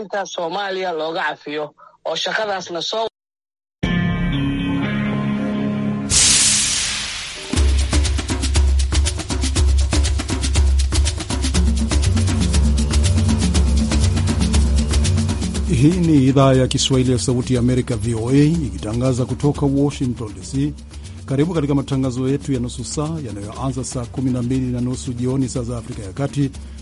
inta Soomaaliya looga cafiyo oo shaqadaasna soo Hii ni idhaa ya Kiswahili ya Sauti ya Amerika, VOA, ikitangaza kutoka Washington DC. Karibu katika matangazo yetu ya nusu saa yanayoanza saa 12 na nusu jioni saa za Afrika ya Kati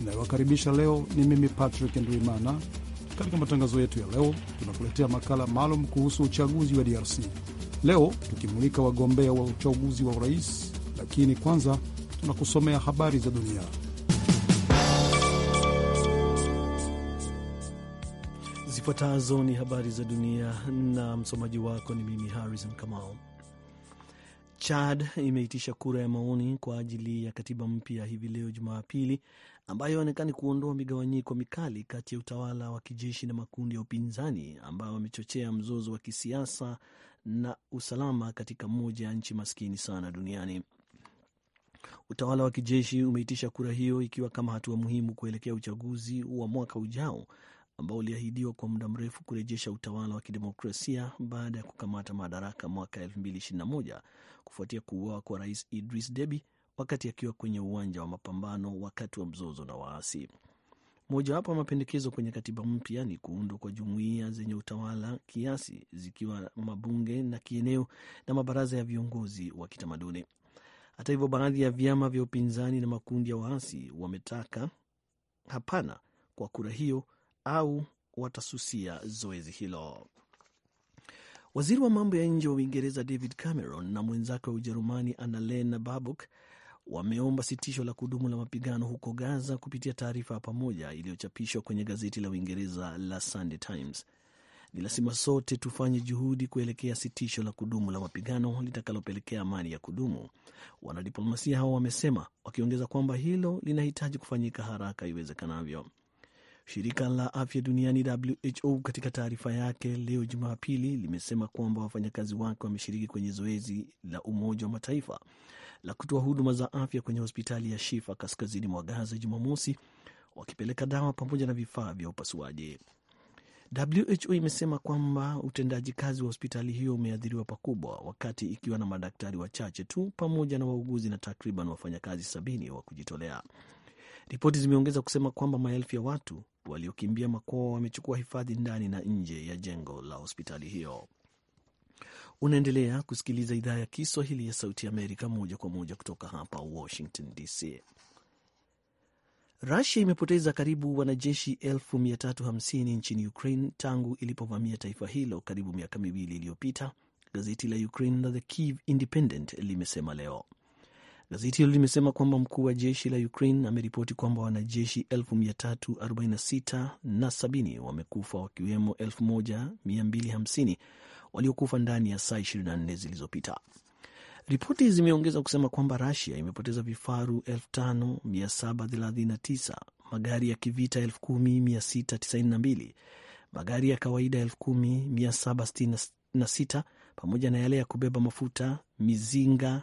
inayowakaribisha leo ni mimi Patrick Ndwimana. Katika matangazo yetu ya leo, tunakuletea makala maalum kuhusu uchaguzi wa DRC leo tukimulika wagombea wa uchaguzi wa urais, lakini kwanza tunakusomea habari za dunia. Zifuatazo ni habari za dunia na msomaji wako ni mimi Harrison Kamau. Chad imeitisha kura ya maoni kwa ajili ya katiba mpya hivi leo Jumapili, ambayo haonekani kuondoa migawanyiko mikali kati ya utawala wa kijeshi na makundi ya upinzani ambayo wamechochea mzozo wa kisiasa na usalama katika moja ya nchi maskini sana duniani. Utawala wa kijeshi umeitisha kura hiyo ikiwa kama hatua muhimu kuelekea uchaguzi wa mwaka ujao ambao uliahidiwa kwa muda mrefu kurejesha utawala wa kidemokrasia baada ya kukamata madaraka mwaka 2021 kufuatia kuuawa kwa rais Idris Deby wakati akiwa kwenye uwanja wa mapambano wakati wa mzozo na waasi. Mojawapo ya mapendekezo kwenye katiba mpya ni kuundwa kwa jumuiya zenye utawala kiasi zikiwa mabunge na kieneo na mabaraza ya viongozi wa kitamaduni. Hata hivyo, baadhi ya vyama vya upinzani na makundi ya waasi wametaka hapana kwa kura hiyo au watasusia zoezi hilo. Waziri wa mambo ya nje wa Uingereza David Cameron na mwenzake wa Ujerumani Annalena Baerbock wameomba sitisho la kudumu la mapigano huko Gaza kupitia taarifa ya pamoja iliyochapishwa kwenye gazeti la Uingereza la Sunday Times. Ni lazima sote tufanye juhudi kuelekea sitisho la kudumu la mapigano litakalopelekea amani ya kudumu, wanadiplomasia hao wamesema, wakiongeza kwamba hilo linahitaji kufanyika haraka iwezekanavyo. Shirika la afya duniani WHO katika taarifa yake leo Jumapili limesema kwamba wafanyakazi wake wameshiriki kwenye zoezi la Umoja wa Mataifa la kutoa huduma za afya kwenye hospitali ya Shifa kaskazini mwa Gaza Jumamosi, wakipeleka dawa pamoja na vifaa vya upasuaji. WHO imesema kwamba utendaji kazi wa hospitali hiyo umeathiriwa pakubwa, wakati ikiwa na madaktari wachache tu pamoja na wauguzi na takriban wafanyakazi sabini wa kujitolea. Ripoti zimeongeza kusema kwamba maelfu ya watu waliokimbia makwao wamechukua hifadhi ndani na nje ya jengo la hospitali hiyo. Unaendelea kusikiliza idhaa ya Kiswahili ya Sauti ya Amerika moja kwa moja kutoka hapa Washington DC. Rusia imepoteza karibu wanajeshi 350 nchini Ukraine tangu ilipovamia taifa hilo karibu miaka miwili iliyopita, gazeti la Ukraine la The Kiev Independent limesema leo. Gazeti hilo limesema kwamba mkuu wa jeshi la Ukraine ameripoti kwamba wanajeshi 346 na 70 wamekufa wakiwemo 1250 waliokufa ndani ya saa 24 zilizopita. Ripoti zimeongeza kusema kwamba rasia imepoteza vifaru 5739, magari ya kivita 10692, magari ya kawaida 10766 pamoja na yale ya kubeba mafuta, mizinga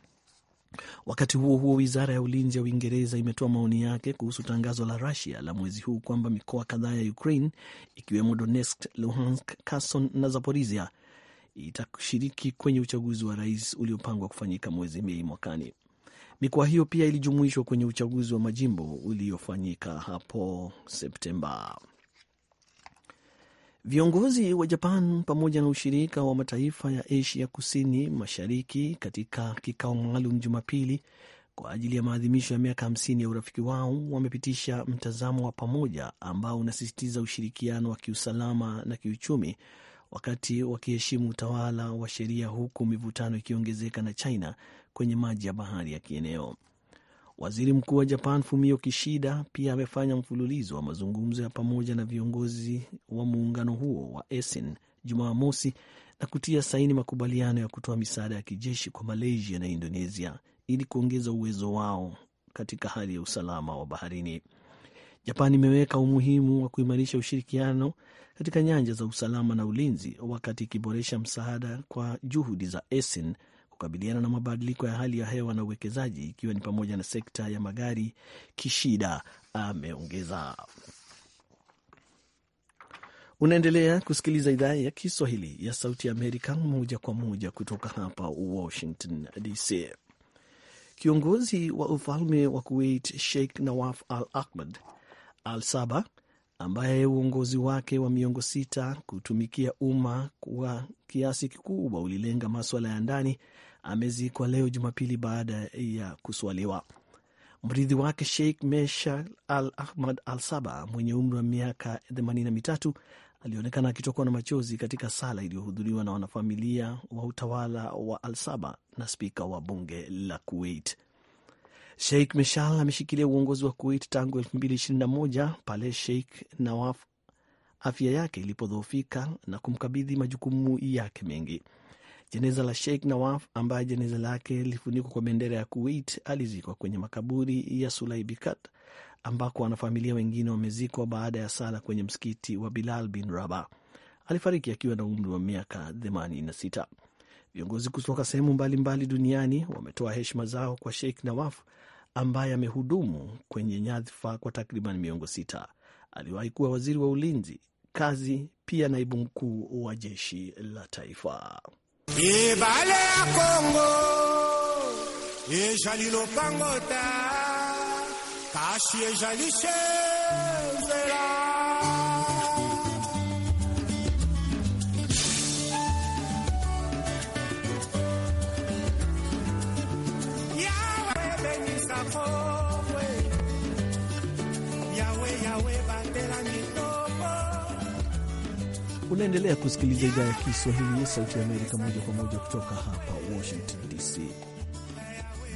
Wakati huo huo, wizara ya ulinzi ya Uingereza imetoa maoni yake kuhusu tangazo la Rusia la mwezi huu kwamba mikoa kadhaa ya Ukraine ikiwemo Donetsk, Luhansk, Kherson na Zaporizhia itashiriki kwenye uchaguzi wa rais uliopangwa kufanyika mwezi Mei mwakani. Mikoa hiyo pia ilijumuishwa kwenye uchaguzi wa majimbo uliofanyika hapo Septemba. Viongozi wa Japan pamoja na ushirika wa mataifa ya Asia kusini mashariki katika kikao maalum Jumapili kwa ajili ya maadhimisho ya miaka hamsini ya urafiki wao wamepitisha mtazamo wa pamoja ambao unasisitiza ushirikiano wa kiusalama na kiuchumi, wakati wakiheshimu utawala wa sheria, huku mivutano ikiongezeka na China kwenye maji ya bahari ya kieneo. Waziri mkuu wa Japan Fumio Kishida pia amefanya mfululizo wa mazungumzo ya pamoja na viongozi wa muungano huo wa ASEAN Jumamosi na kutia saini makubaliano ya kutoa misaada ya kijeshi kwa Malaysia na Indonesia ili kuongeza uwezo wao katika hali ya usalama wa baharini. Japan imeweka umuhimu wa kuimarisha ushirikiano katika nyanja za usalama na ulinzi, wakati ikiboresha msaada kwa juhudi za ASEAN kukabiliana na mabadiliko ya hali ya hewa na uwekezaji, ikiwa ni pamoja na sekta ya magari, Kishida ameongeza. Unaendelea kusikiliza idhaa ya Kiswahili ya Sauti ya Amerika moja kwa moja kutoka hapa Washington DC. Kiongozi wa ufalme wa Kuwait Sheikh Nawaf Al Ahmad Al Saba, ambaye uongozi wake wa miongo sita kutumikia umma kwa kiasi kikubwa ulilenga maswala ya ndani, amezikwa leo Jumapili baada ya kuswaliwa. Mrithi wake Sheikh Mesha Al Ahmad Al Saba mwenye umri wa miaka themanini na mitatu alionekana akitokwa na machozi katika sala iliyohudhuriwa na wanafamilia wa utawala wa Al Saba na spika wa bunge la Kuwait. Sheikh Meshal ameshikilia uongozi wa Kuwait tangu 2021 pale Sheikh Nawaf afya yake ilipodhoofika na kumkabidhi majukumu yake mengi. Jeneza la Sheikh Nawaf ambaye jeneza lake lilifunikwa kwa bendera ya Kuwait alizikwa kwenye makaburi ya Sulaibikat ambako wanafamilia wengine wamezikwa baada ya sala kwenye msikiti wa Bilal bin Rabah. Alifariki akiwa na umri wa miaka 86. Viongozi kutoka sehemu mbalimbali duniani wametoa heshima zao kwa Sheikh Nawaf ambaye amehudumu kwenye nyadhifa kwa takriban miongo sita. Aliwahi kuwa waziri wa ulinzi, kazi, pia naibu mkuu wa jeshi la taifa. ebale ya kongo ezali lopango ta kasi ezali se Unaendelea kusikiliza idhaa ya Kiswahili ya Sauti ya Amerika moja kwa moja kutoka hapa Washington DC.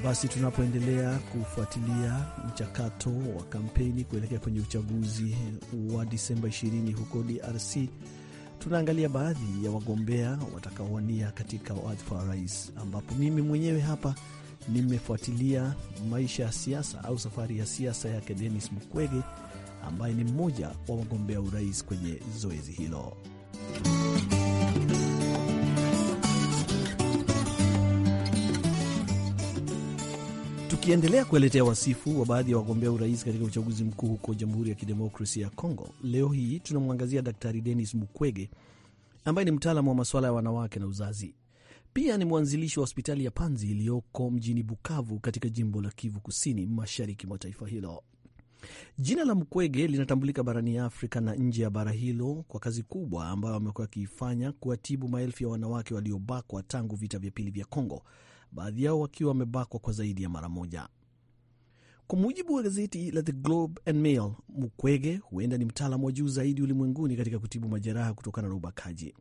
Basi tunapoendelea kufuatilia mchakato wa kampeni kuelekea kwenye uchaguzi wa Disemba 20 huko DRC, tunaangalia baadhi ya wagombea watakaowania katika wadhifa wa rais, ambapo mimi mwenyewe hapa nimefuatilia maisha ya siasa au safari ya siasa yake Denis Mukwege ambaye ni mmoja wa wagombea urais kwenye zoezi hilo. Tukiendelea kueletea wasifu wa baadhi ya wagombea urais katika uchaguzi mkuu huko Jamhuri ya Kidemokrasia ya congo leo hii tunamwangazia Daktari Denis Mukwege ambaye ni mtaalamu wa masuala ya wanawake na uzazi. Pia ni mwanzilishi wa hospitali ya Panzi iliyoko mjini Bukavu katika jimbo la Kivu Kusini, mashariki mwa taifa hilo. Jina la mkwege linatambulika barani Afrika na nje ya bara hilo kwa kazi kubwa ambayo amekuwa akiifanya kuwatibu maelfu ya wanawake waliobakwa tangu vita vya pili vya Kongo, baadhi yao wakiwa wamebakwa kwa zaidi ya mara moja. Kwa mujibu wa gazeti la The Globe and Mail, Mukwege huenda ni mtaalamu wa juu zaidi ulimwenguni katika kutibu majeraha kutokana na ubakaji.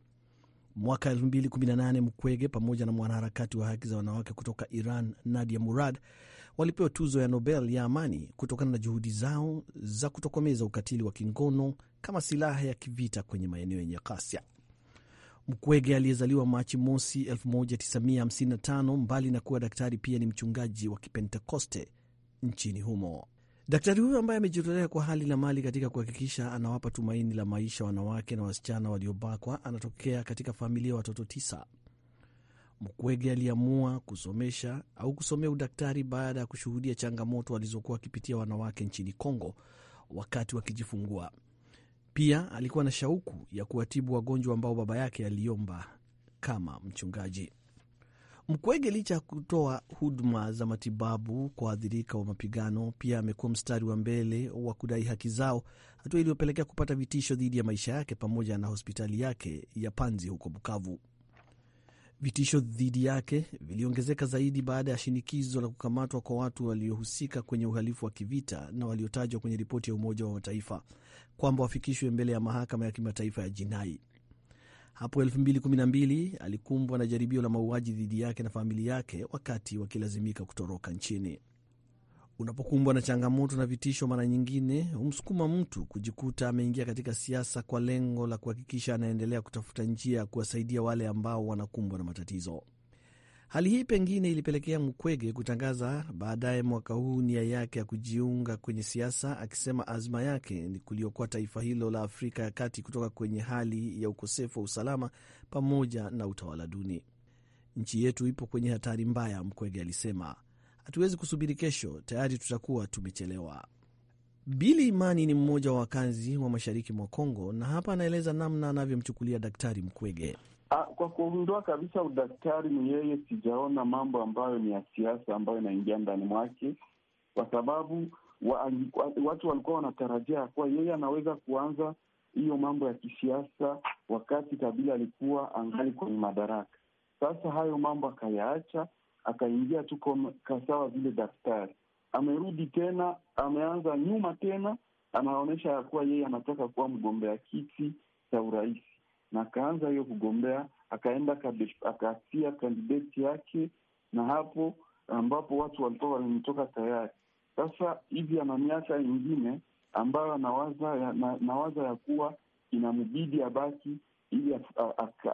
Mwaka 2018 Mukwege pamoja na mwanaharakati wa haki za wanawake kutoka Iran Nadia Murad walipewa tuzo ya Nobel ya amani kutokana na juhudi zao za kutokomeza ukatili wa kingono kama silaha ya kivita kwenye maeneo yenye ghasia. Mkwege aliyezaliwa Machi mosi 1955, mbali na kuwa daktari, pia ni mchungaji wa Kipentekoste nchini humo. Daktari huyo ambaye amejitolea kwa hali na mali katika kuhakikisha anawapa tumaini la maisha wanawake na wasichana waliobakwa, anatokea katika familia ya watoto tisa mkwege aliamua kusomesha au kusomea udaktari baada ya kushuhudia changamoto walizokuwa wakipitia wanawake nchini Kongo wakati wakijifungua. Pia alikuwa na shauku ya kuwatibu wagonjwa ambao baba yake aliomba kama mchungaji. Mkwege licha ya kutoa huduma za matibabu kwa waathirika wa mapigano, pia amekuwa mstari wa mbele wa kudai haki zao, hatua iliyopelekea kupata vitisho dhidi ya maisha yake pamoja na hospitali yake ya Panzi huko Bukavu. Vitisho dhidi yake viliongezeka zaidi baada ya shinikizo la kukamatwa kwa watu waliohusika kwenye uhalifu wa kivita na waliotajwa kwenye ripoti ya Umoja wa Mataifa kwamba wafikishwe mbele ya mahakama ya kimataifa ya jinai. Hapo 2012 alikumbwa na jaribio la mauaji dhidi yake na familia yake wakati wakilazimika kutoroka nchini. Unapokumbwa na changamoto na vitisho, mara nyingine humsukuma mtu kujikuta ameingia katika siasa kwa lengo la kuhakikisha anaendelea kutafuta njia ya kuwasaidia wale ambao wanakumbwa na matatizo. Hali hii pengine ilipelekea Mukwege kutangaza baadaye mwaka huu nia yake ya kujiunga kwenye siasa, akisema azma yake ni kuliokoa taifa hilo la Afrika ya Kati kutoka kwenye hali ya ukosefu wa usalama pamoja na utawala duni. Nchi yetu ipo kwenye hatari mbaya, Mkwege alisema hatuwezi kusubiri kesho, tayari tutakuwa tumechelewa. Bili Imani ni mmoja wa wakazi wa mashariki mwa Kongo, na hapa anaeleza namna anavyomchukulia Daktari Mkwege. A, ah, kwa kuondoa kabisa udaktari ni yeye, sijaona mambo ambayo ni ya siasa ambayo inaingia ndani mwake, kwa sababu wa, watu walikuwa wanatarajia kuwa yeye anaweza kuanza hiyo mambo ya kisiasa wakati Kabila alikuwa angali kwenye madaraka. Sasa hayo mambo akayaacha akaingia tu kasawa vile daftari. Amerudi tena, ameanza nyuma tena, anaonyesha ya kuwa yeye anataka kuwa mgombea kiti cha urais, na akaanza hiyo kugombea, akaenda akatia kandideti yake, na hapo ambapo watu walikuwa wametoka tayari. Sasa hivi ana miaka ingine ambayo anawaza ya, na, nawaza ya kuwa inamubidi abaki ili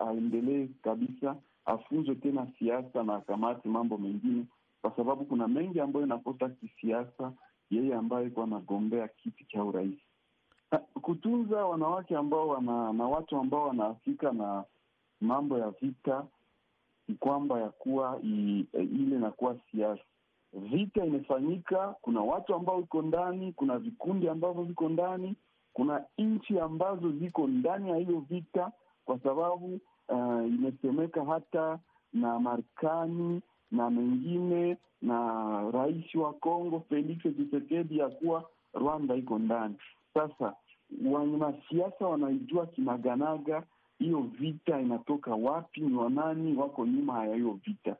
aendelee kabisa afunzwe tena siasa na akamati mambo mengine, kwa sababu kuna mengi ambayo inakosa kisiasa, yeye ambaye iko anagombea kiti cha urais. Kutunza wanawake ambao wana na watu ambao wanaafika na mambo ya vita ni kwamba ya kuwa ile inakuwa siasa. Vita imefanyika, kuna watu ambao iko ndani, kuna vikundi ambavyo viko ndani, kuna nchi ambazo ziko ndani ya hiyo vita, kwa sababu uh, imesemeka hata na Marekani na mengine na rais wa Kongo Felix Tshisekedi ya kuwa Rwanda iko ndani. Sasa wanasiasa wanaijua kinaganaga hiyo vita inatoka wapi, ni wanani wako nyuma ya hiyo vita.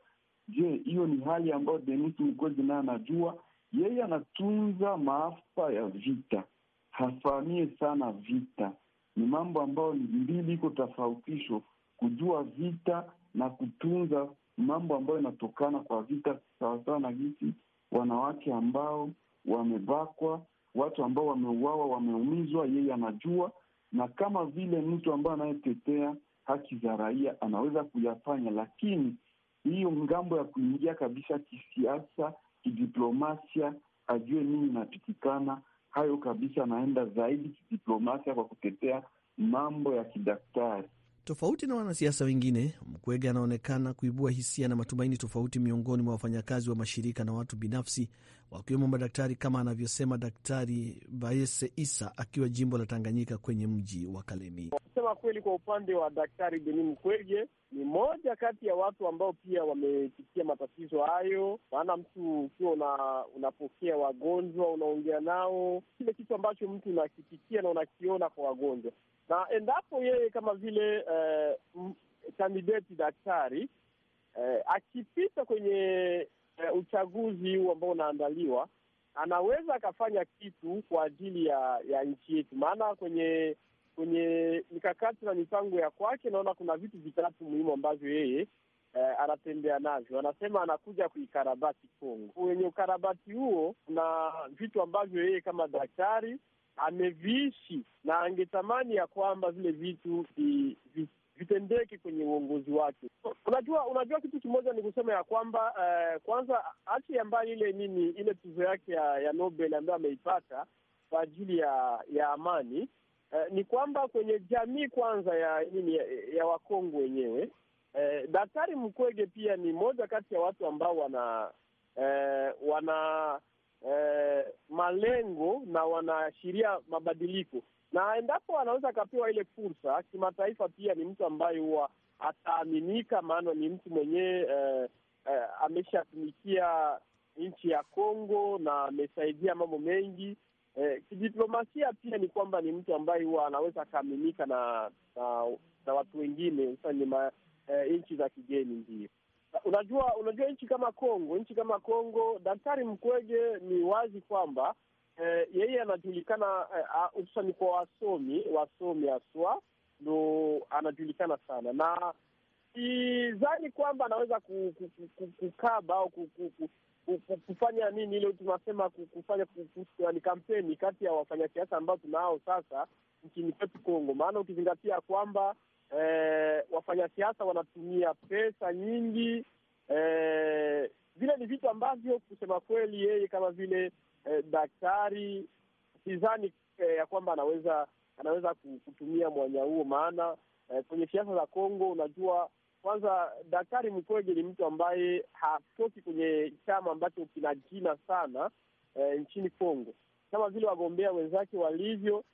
Je, hiyo ni hali ambayo Denis Mukwege naye anajua, yeye anatunza maafa ya vita, hafahamie sana vita. Ni mambo ambayo ni mbili iko tofautisho kujua vita na kutunza mambo ambayo yanatokana kwa vita, sawasawa na jinsi wanawake ambao wamebakwa, watu ambao wameuawa, wameumizwa, yeye anajua, na kama vile mtu ambaye anayetetea haki za raia anaweza kuyafanya, lakini hiyo ngambo ya kuingia kabisa kisiasa, kidiplomasia, ajue nini inapitikana, hayo kabisa, anaenda zaidi kidiplomasia kwa kutetea mambo ya kidaktari. Tofauti na wanasiasa wengine, Mkwege anaonekana kuibua hisia na matumaini tofauti miongoni mwa wafanyakazi wa mashirika na watu binafsi, wakiwemo madaktari, kama anavyosema Daktari Baese Isa akiwa jimbo la Tanganyika kwenye mji wa Kalemi kusema kweli, kwa upande wa Daktari Denis Mukwege ni moja kati ya watu ambao pia wamepitia matatizo hayo, maana mtu ukiwa una, unapokea wagonjwa unaongea nao, kile kitu ambacho mtu unakipitia na unakiona kwa wagonjwa, na endapo yeye kama vile kandideti eh, daktari eh, akipita kwenye eh, uchaguzi huu ambao unaandaliwa, anaweza akafanya kitu kwa ajili ya, ya nchi yetu, maana kwenye kwenye mikakati na mipango ya kwake, naona kuna vitu vitatu muhimu ambavyo yeye eh, anatembea navyo, anasema anakuja kuikarabati Kongo. Kwenye ukarabati huo kuna vitu ambavyo yeye kama daktari ameviishi na angetamani ya kwamba vile vitu vi, vi, vitendeke kwenye uongozi wake. Unajua, unajua kitu kimoja ni kusema ya kwamba uh, kwanza hati ambayo ile nini ile tuzo yake ya, ya Nobel ambayo ameipata kwa ajili ya, ya amani uh, ni kwamba kwenye jamii kwanza ya nini ya, ya Wakongo wenyewe uh, Daktari Mkwege pia ni moja kati ya watu ambao wana uh, wana uh, malengo na wanaashiria mabadiliko, na endapo anaweza akapewa ile fursa kimataifa, pia ni mtu ambaye huwa ataaminika, maana ni mtu mwenyewe uh, uh, ameshatumikia nchi ya Kongo na amesaidia mambo mengi eh, kidiplomasia pia ni kwamba ni mtu ambaye huwa anaweza akaaminika na, na na watu wengine ni eh, nchi za kigeni ndio unajua unajua nchi kama Kongo nchi kama Kongo, Daktari Mkwege ni wazi kwamba eh, yeye anajulikana eh, ah, hususan eh, kwa wasomi wasomi haswa ndo anajulikana sana, na sidhani kwamba anaweza kukaba au kufanya nini ile tunasema kufanya ni kampeni kati ya wafanyasiasa ambao tunao sasa nchini kwetu Kongo, maana ukizingatia kwamba eh, wafanyasiasa wanatumia pesa nyingi eh, vile ni vitu ambavyo kusema kweli yeye kama vile eh, daktari sidhani eh, ya kwamba anaweza anaweza kutumia mwanya huo, maana eh, kwenye siasa za Kongo unajua kwanza Daktari Mukwege ni mtu ambaye hatoki kwenye chama ambacho kina jina sana e, nchini Kongo kama vile wagombea wenzake walivyo,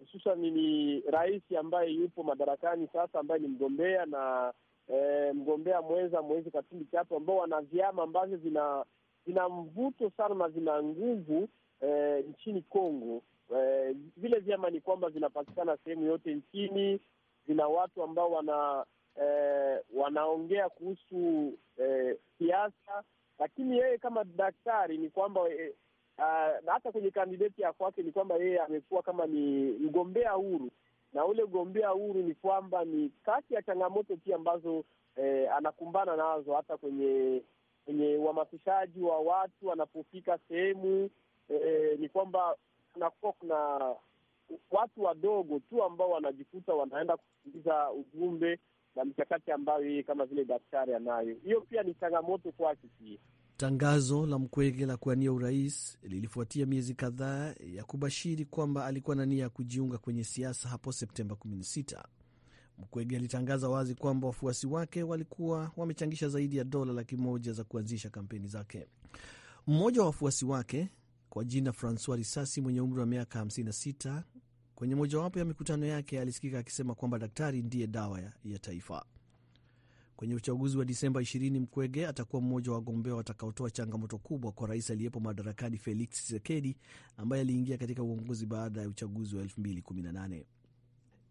hususan ni rais ambaye yupo madarakani sasa, ambaye ni mgombea na e, mgombea mwenza Moise Katumbi Chapwe, ambao wana vyama ambavyo vina vina mvuto sana na vina nguvu e, nchini Kongo. E, vile vyama ni kwamba vinapatikana sehemu yote nchini, vina watu ambao wana eh, wanaongea kuhusu eh, siasa eh, lakini yeye kama daktari ni kwamba eh, uh, hata kwenye kandideti ya kwake ni kwamba yeye amekuwa kama ni mgombea huru, na ule ugombea huru ni kwamba ni kati ya changamoto pia ambazo eh, anakumbana nazo hata kwenye kwenye uhamasishaji wa watu anapofika sehemu eh, ni kwamba kunakuwa kuna watu wadogo tu ambao wanajikuta wanaenda kusikiliza ujumbe na mikakati ambayo yeye kama vile daktari anayo. Hiyo pia ni changamoto kwake pia. Tangazo la Mkwege la kuania urais lilifuatia miezi kadhaa ya kubashiri kwamba alikuwa na nia ya kujiunga kwenye siasa hapo Septemba 16. Mkwege alitangaza wazi kwamba wafuasi wake walikuwa wamechangisha zaidi ya dola laki moja za kuanzisha kampeni zake. Mmoja wa wafuasi wake kwa jina Francois Risasi mwenye umri wa miaka 56 Kwenye mojawapo ya mikutano yake alisikika akisema kwamba daktari ndiye dawa ya taifa. Kwenye uchaguzi wa Disemba 20 Mkwege atakuwa mmoja wa wagombea watakaotoa changamoto kubwa kwa rais aliyepo madarakani Felix Tshisekedi ambaye aliingia katika uongozi baada ya uchaguzi wa 2018.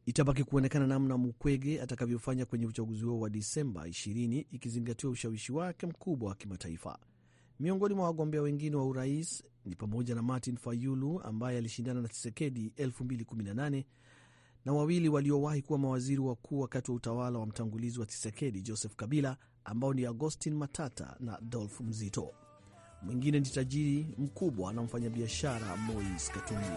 Itabaki kuonekana namna Mkwege atakavyofanya kwenye uchaguzi huo wa Disemba 20 ikizingatiwa ushawishi wake mkubwa wa kimataifa. Miongoni mwa wagombea wengine wa urais ni pamoja na Martin Fayulu ambaye alishindana na Chisekedi 2018 na wawili waliowahi kuwa mawaziri wakuu wakati wa utawala wa mtangulizi wa Chisekedi, Joseph Kabila, ambao ni Agostin Matata na Adolf mzito Mwingine ni tajiri mkubwa na mfanyabiashara mois Katumbi.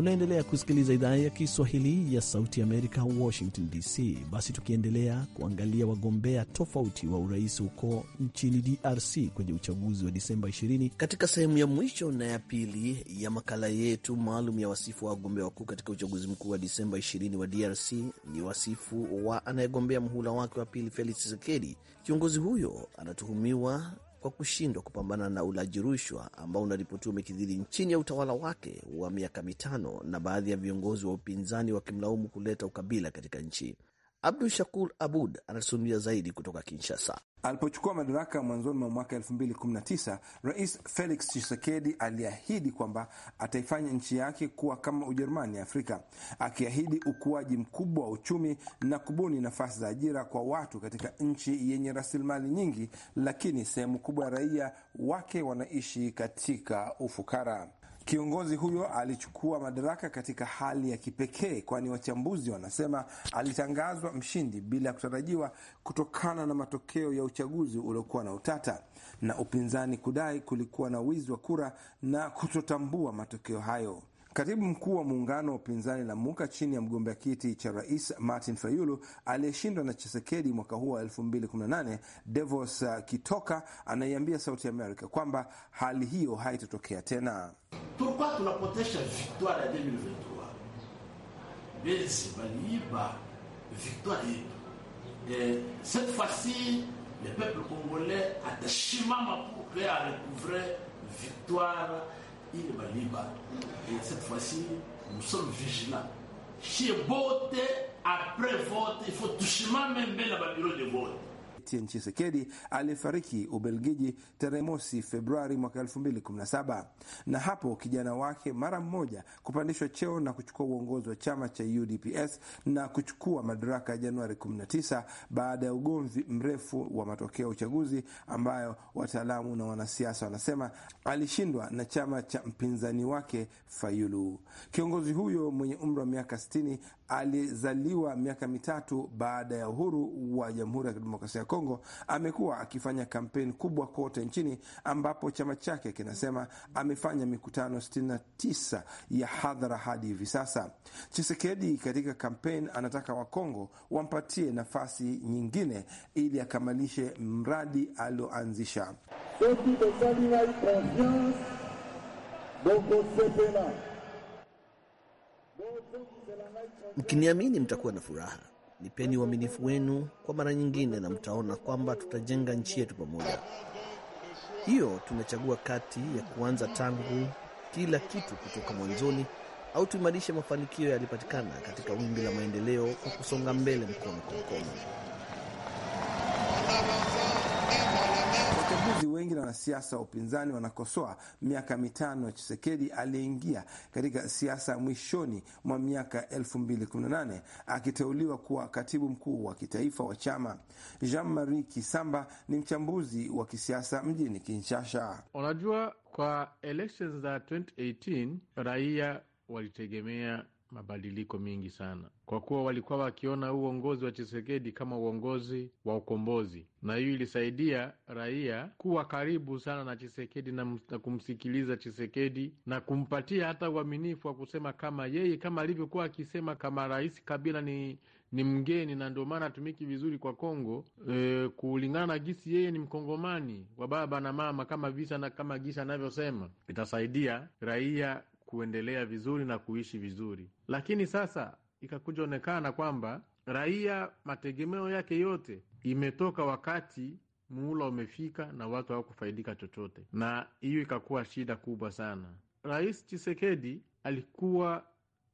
Unaendelea kusikiliza idhaa ya Kiswahili ya Sauti ya Amerika, Washington DC. Basi tukiendelea kuangalia wagombea tofauti wa urais huko nchini DRC kwenye uchaguzi wa Disemba 20 katika sehemu ya mwisho na ya pili ya makala yetu maalum ya wasifu wa wagombea wakuu katika uchaguzi mkuu wa Disemba 20 wa DRC, ni wasifu wa anayegombea mhula wake wa pili Felix Tshisekedi. Kiongozi huyo anatuhumiwa kwa kushindwa kupambana na ulaji rushwa ambao unaripotiwa umekidhiri chini ya utawala wake wa miaka mitano, na baadhi ya viongozi wa upinzani wakimlaumu kuleta ukabila katika nchi. Abdu Shakur Abud anatusimulia zaidi kutoka Kinshasa. Alipochukua madaraka mwanzoni mwa mwaka 2019, Rais Felix Tshisekedi aliahidi kwamba ataifanya nchi yake kuwa kama Ujerumani ya Afrika, akiahidi ukuaji mkubwa wa uchumi na kubuni nafasi za ajira kwa watu katika nchi yenye rasilimali nyingi, lakini sehemu kubwa ya raia wake wanaishi katika ufukara. Kiongozi huyo alichukua madaraka katika hali ya kipekee, kwani wachambuzi wanasema alitangazwa mshindi bila ya kutarajiwa kutokana na matokeo ya uchaguzi uliokuwa na utata na upinzani kudai kulikuwa na wizi wa kura na kutotambua matokeo hayo. Katibu mkuu wa muungano wa upinzani muka chini ya mgombea kiti cha rais Martin Fayulu aliyeshindwa na Chisekedi mwaka huu wa 2018, Devos Kitoka anaiambia Sauti ya Amerika kwamba hali hiyo haitatokea tena. Tulikuwa tunapotesha victoire ya 2023 bezi baliiba victoire yetu. cette fois-ci le peuple congolais atashimama pour victoire il est libre. Et cette fois-ci, nous sommes vigilants. Chez voter, après vote, il faut toucher même la bureau de vote. Etienne Chisekedi aliyefariki Ubelgiji tarehe mosi Februari mwaka 2017, na hapo kijana wake mara mmoja kupandishwa cheo na kuchukua uongozi wa chama cha UDPS na kuchukua madaraka Januari 19 baada ya ugomvi mrefu wa matokeo ya uchaguzi ambayo wataalamu na wanasiasa wanasema alishindwa na chama cha mpinzani wake Fayulu. Kiongozi huyo mwenye umri wa miaka alizaliwa miaka mitatu baada ya uhuru wa Jamhuri ya Kidemokrasia ya Kongo, amekuwa akifanya kampeni kubwa kote nchini, ambapo chama chake kinasema amefanya mikutano 69 ya hadhara hadi hivi sasa. Chisekedi katika kampeni anataka Wakongo wampatie nafasi nyingine ili akamalishe mradi alioanzisha. Mkiniamini mtakuwa na furaha. Nipeni uaminifu wenu kwa mara nyingine, na mtaona kwamba tutajenga nchi yetu pamoja. Hiyo tumechagua kati ya kuanza tangu kila kitu kutoka mwanzoni au tuimarishe mafanikio yaliyopatikana katika wimbi la maendeleo kwa kusonga mbele mkono kwa mkono. Wachambuzi wengi na wanasiasa wa upinzani wanakosoa miaka mitano ya Chisekedi aliyeingia katika siasa mwishoni mwa miaka 2018 akiteuliwa kuwa katibu mkuu wa kitaifa wa chama. Jean Marie Kisamba ni mchambuzi wa kisiasa mjini Kinshasa. Unajua, kwa elections za 2018 raia walitegemea mabadiliko mengi sana, kwa kuwa walikuwa wakiona uongozi wa Chisekedi kama uongozi wa ukombozi, na hiyo ilisaidia raia kuwa karibu sana na Chisekedi na, na kumsikiliza Chisekedi na kumpatia hata uaminifu wa kusema kama yeye kama alivyokuwa akisema kama Rais Kabila ni ni mgeni na ndio maana atumiki vizuri kwa Kongo e, kulingana na gisi yeye ni mkongomani wa baba na mama, kama visa na kama gisi anavyosema, itasaidia raia kuendelea vizuri na kuishi vizuri. Lakini sasa ikakuja onekana kwamba raia mategemeo yake yote imetoka wakati muhula umefika na watu hawakufaidika chochote, na hiyo ikakuwa shida kubwa sana. Rais Chisekedi alikuwa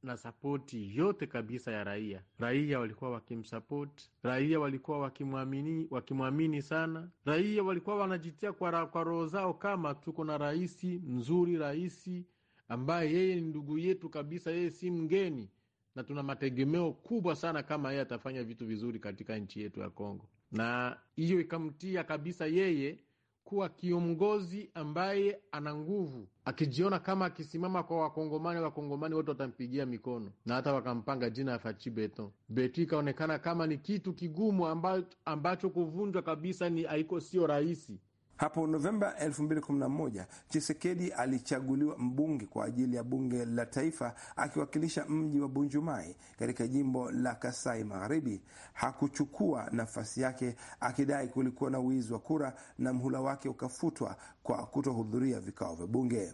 na sapoti yote kabisa ya raia. Raia walikuwa wakimsapoti, raia walikuwa wakimwamini, wakimwamini sana. Raia walikuwa wanajitia kwa, kwa roho zao kama tuko na raisi mzuri, raisi ambaye yeye ni ndugu yetu kabisa, yeye si mgeni na tuna mategemeo kubwa sana kama yeye atafanya vitu vizuri katika nchi yetu ya Kongo, na hiyo ikamtia kabisa yeye kuwa kiongozi ambaye ana nguvu, akijiona kama akisimama kwa Wakongomani, Wakongomani wote watampigia mikono na hata wakampanga jina ya Fachi Beton. Betu ikaonekana kama ni kitu kigumu ambacho, ambacho kuvunjwa kabisa ni aiko sio rahisi. Hapo Novemba 2011 Chisekedi alichaguliwa mbunge kwa ajili ya bunge la taifa akiwakilisha mji wa Bunjumai katika jimbo la Kasai Magharibi. Hakuchukua nafasi yake akidai kulikuwa na wizi wa kura na mhula wake ukafutwa kwa kutohudhuria vikao vya bunge.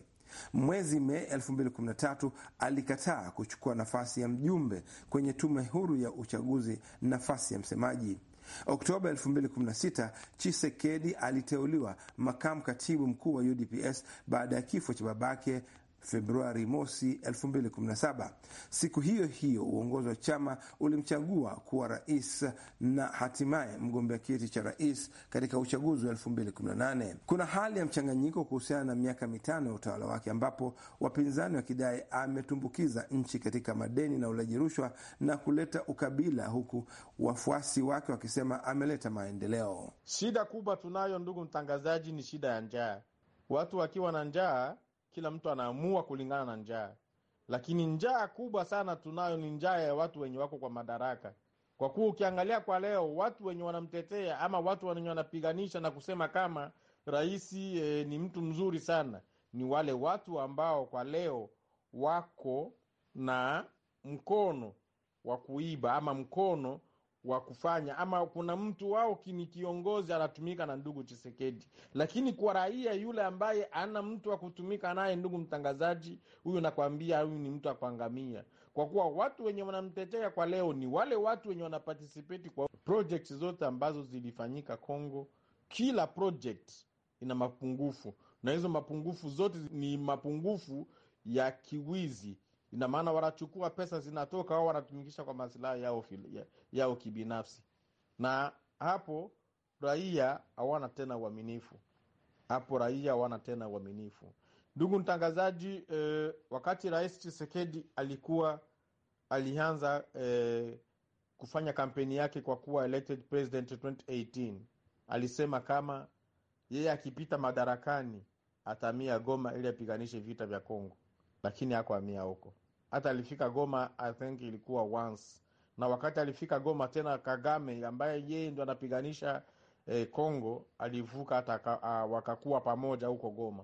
Mwezi Mei 2013 alikataa kuchukua nafasi ya mjumbe kwenye tume huru ya uchaguzi, nafasi ya msemaji. Oktoba 2016 Chisekedi aliteuliwa makamu katibu mkuu wa UDPS baada ya kifo cha babake Februari mosi 2017. Siku hiyo hiyo uongozi wa chama ulimchagua kuwa rais na hatimaye mgombea kiti cha rais katika uchaguzi wa 2018. Kuna hali ya mchanganyiko kuhusiana na miaka mitano ya utawala wake, ambapo wapinzani wakidai ametumbukiza nchi katika madeni na ulaji rushwa na kuleta ukabila, huku wafuasi wake wakisema ameleta maendeleo. Shida kubwa tunayo, ndugu mtangazaji, ni shida ya njaa. Watu wakiwa na njaa kila mtu anaamua kulingana na njaa, lakini njaa kubwa sana tunayo ni njaa ya watu wenye wako kwa madaraka, kwa kuwa ukiangalia kwa leo watu wenye wanamtetea ama watu wenye wanapiganisha na kusema kama rais e, ni mtu mzuri sana ni wale watu ambao kwa leo wako na mkono wa kuiba ama mkono wa kufanya ama kuna mtu wao ni kiongozi anatumika na ndugu Chisekedi, lakini kwa raia yule ambaye ana mtu wa kutumika naye, ndugu mtangazaji, huyu nakwambia, huyu ni mtu akuangamia, kwa kuwa watu wenye wanamtetea kwa leo ni wale watu wenye wanapatisipeti kwa project zote ambazo zilifanyika Kongo. Kila project ina mapungufu na hizo mapungufu zote ni mapungufu ya kiwizi Ina maana wanachukua pesa zinatoka, au wanatumikisha kwa masilahi yao, yao kibinafsi, na hapo raia hawana tena uaminifu. Hapo raia hawana tena uaminifu. Ndugu mtangazaji, eh, wakati Rais Chisekedi alikuwa alianza eh, kufanya kampeni yake kwa kuwa elected president 2018 alisema kama yeye akipita madarakani atamia Goma ili apiganishe vita vya Kongo, lakini hakuamia huko hata alifika Goma, I think ilikuwa once, na wakati alifika Goma tena Kagame ambaye yeye ndo anapiganisha Kongo eh, alivuka hata uh, ah, wakakuwa pamoja huko Goma.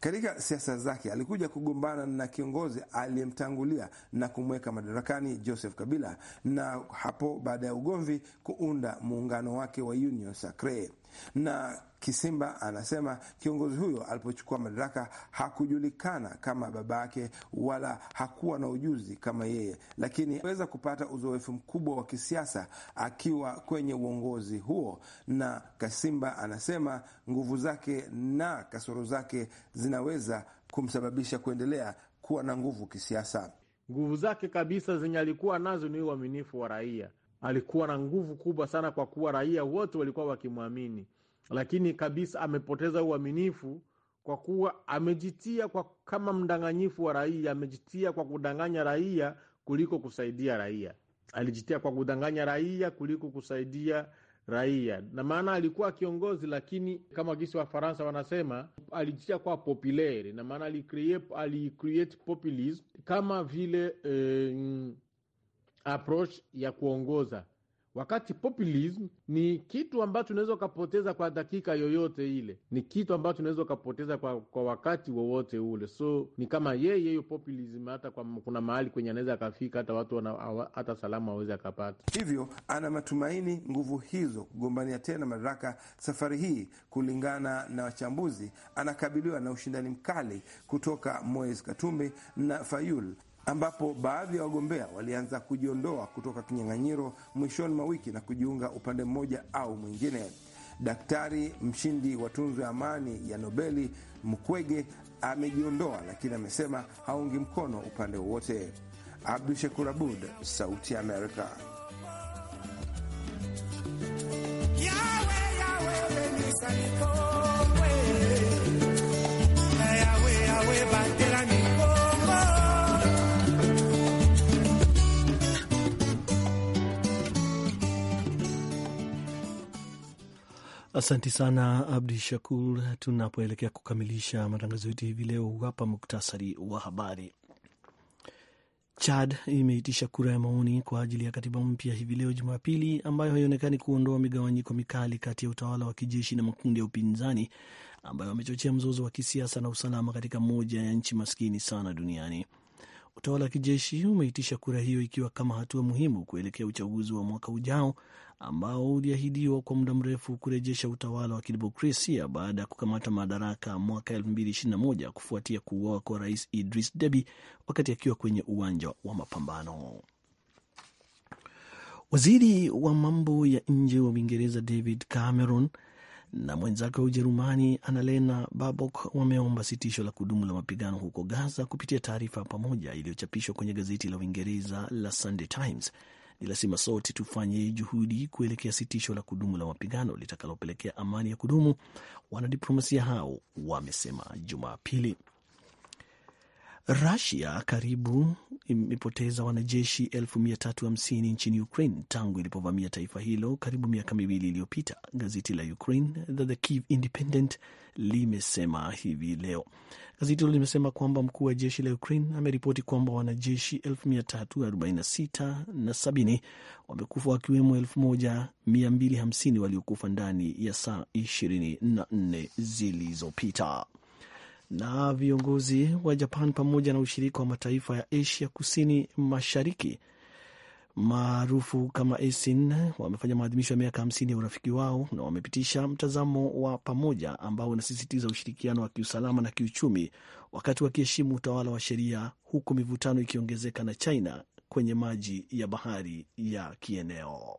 Katika siasa zake alikuja kugombana na kiongozi aliyemtangulia na kumweka madarakani Joseph Kabila, na hapo baada ya ugomvi kuunda muungano wake wa Union Sacre na Kisimba anasema kiongozi huyo alipochukua madaraka hakujulikana kama baba yake wala hakuwa na ujuzi kama yeye, lakini aweza kupata uzoefu mkubwa wa kisiasa akiwa kwenye uongozi huo. Na Kasimba anasema nguvu zake na kasoro zake zinaweza kumsababisha kuendelea kuwa na nguvu kisiasa. Nguvu zake kabisa zenye alikuwa nazo ni uaminifu wa raia alikuwa na nguvu kubwa sana, kwa kuwa raia wote walikuwa wakimwamini, lakini kabisa amepoteza uaminifu kwa kuwa amejitia kwa kama mdanganyifu wa raia, amejitia kwa kudanganya raia kuliko kusaidia raia. Alijitia kwa kudanganya raia kuliko kusaidia raia, na maana alikuwa kiongozi, lakini kama gisi Faransa wanasema alijitia kwa populaire, na maana alicreate populism kama vile eh, approach ya kuongoza, wakati populism ni kitu ambacho unaweza ukapoteza kwa dakika yoyote ile, ni kitu ambacho unaweza ukapoteza kwa, kwa wakati wowote ule. So ni kama yeye hiyo populism, hata kwa kuna mahali kwenye anaweza akafika hata watu wana, hata salama aweze akapata. Hivyo ana matumaini nguvu hizo kugombania tena madaraka. Safari hii kulingana na wachambuzi, anakabiliwa na ushindani mkali kutoka Moise Katumbi na Fayul ambapo baadhi ya wagombea walianza kujiondoa kutoka kinyang'anyiro mwishoni mwa wiki na kujiunga upande mmoja au mwingine. Daktari mshindi wa tunzo ya amani ya Nobeli Mukwege amejiondoa, lakini amesema haungi mkono upande wowote. Abdu Shakur Abud, Sauti ya Amerika. Yawe, yawe, Asanti sana Abdi Shakur. Tunapoelekea kukamilisha matangazo yetu hivi leo, hapa muktasari wa habari. Chad imeitisha kura ya maoni kwa ajili ya katiba mpya hivi leo Jumapili, ambayo haionekani kuondoa migawanyiko mikali kati ya utawala wa kijeshi na makundi ya upinzani ambayo amechochea mzozo wa kisiasa na usalama katika moja ya nchi maskini sana duniani. Utawala wa kijeshi umeitisha kura hiyo ikiwa kama hatua muhimu kuelekea uchaguzi wa mwaka ujao ambao uliahidiwa kwa muda mrefu kurejesha utawala wa kidemokrasia baada ya kukamata madaraka mwaka 2021 kufuatia kuuawa kwa rais Idris Deby wakati akiwa kwenye uwanja wa mapambano. Waziri wa mambo ya nje wa Uingereza David Cameron na mwenzake wa Ujerumani Annalena Baerbock wameomba sitisho la kudumu la mapigano huko Gaza kupitia taarifa pamoja iliyochapishwa kwenye gazeti la Uingereza la Sunday Times ni lazima sote tufanye juhudi kuelekea sitisho la kudumu la mapigano litakalopelekea amani ya kudumu, wanadiplomasia hao wamesema Jumapili. Rusia karibu imepoteza wanajeshi elfu mia tatu hamsini nchini Ukraine tangu ilipovamia taifa hilo karibu miaka miwili iliyopita, gazeti la Ukraine The Kyiv Independent limesema hivi leo. Gazeti hilo limesema kwamba mkuu wa jeshi la Ukraine ameripoti kwamba wanajeshi elfu mia tatu arobaini na sita na sabini wamekufa wakiwemo elfu moja mia mbili hamsini waliokufa ndani ya saa ishirini na nne zilizopita na viongozi wa Japan pamoja na ushirika wa mataifa ya Asia kusini mashariki maarufu kama ASEAN wamefanya maadhimisho ya miaka hamsini ya urafiki wao na wamepitisha mtazamo wa pamoja ambao unasisitiza ushirikiano wa kiusalama na kiuchumi, wakati wakiheshimu utawala wa sheria, huku mivutano ikiongezeka na China kwenye maji ya bahari ya kieneo.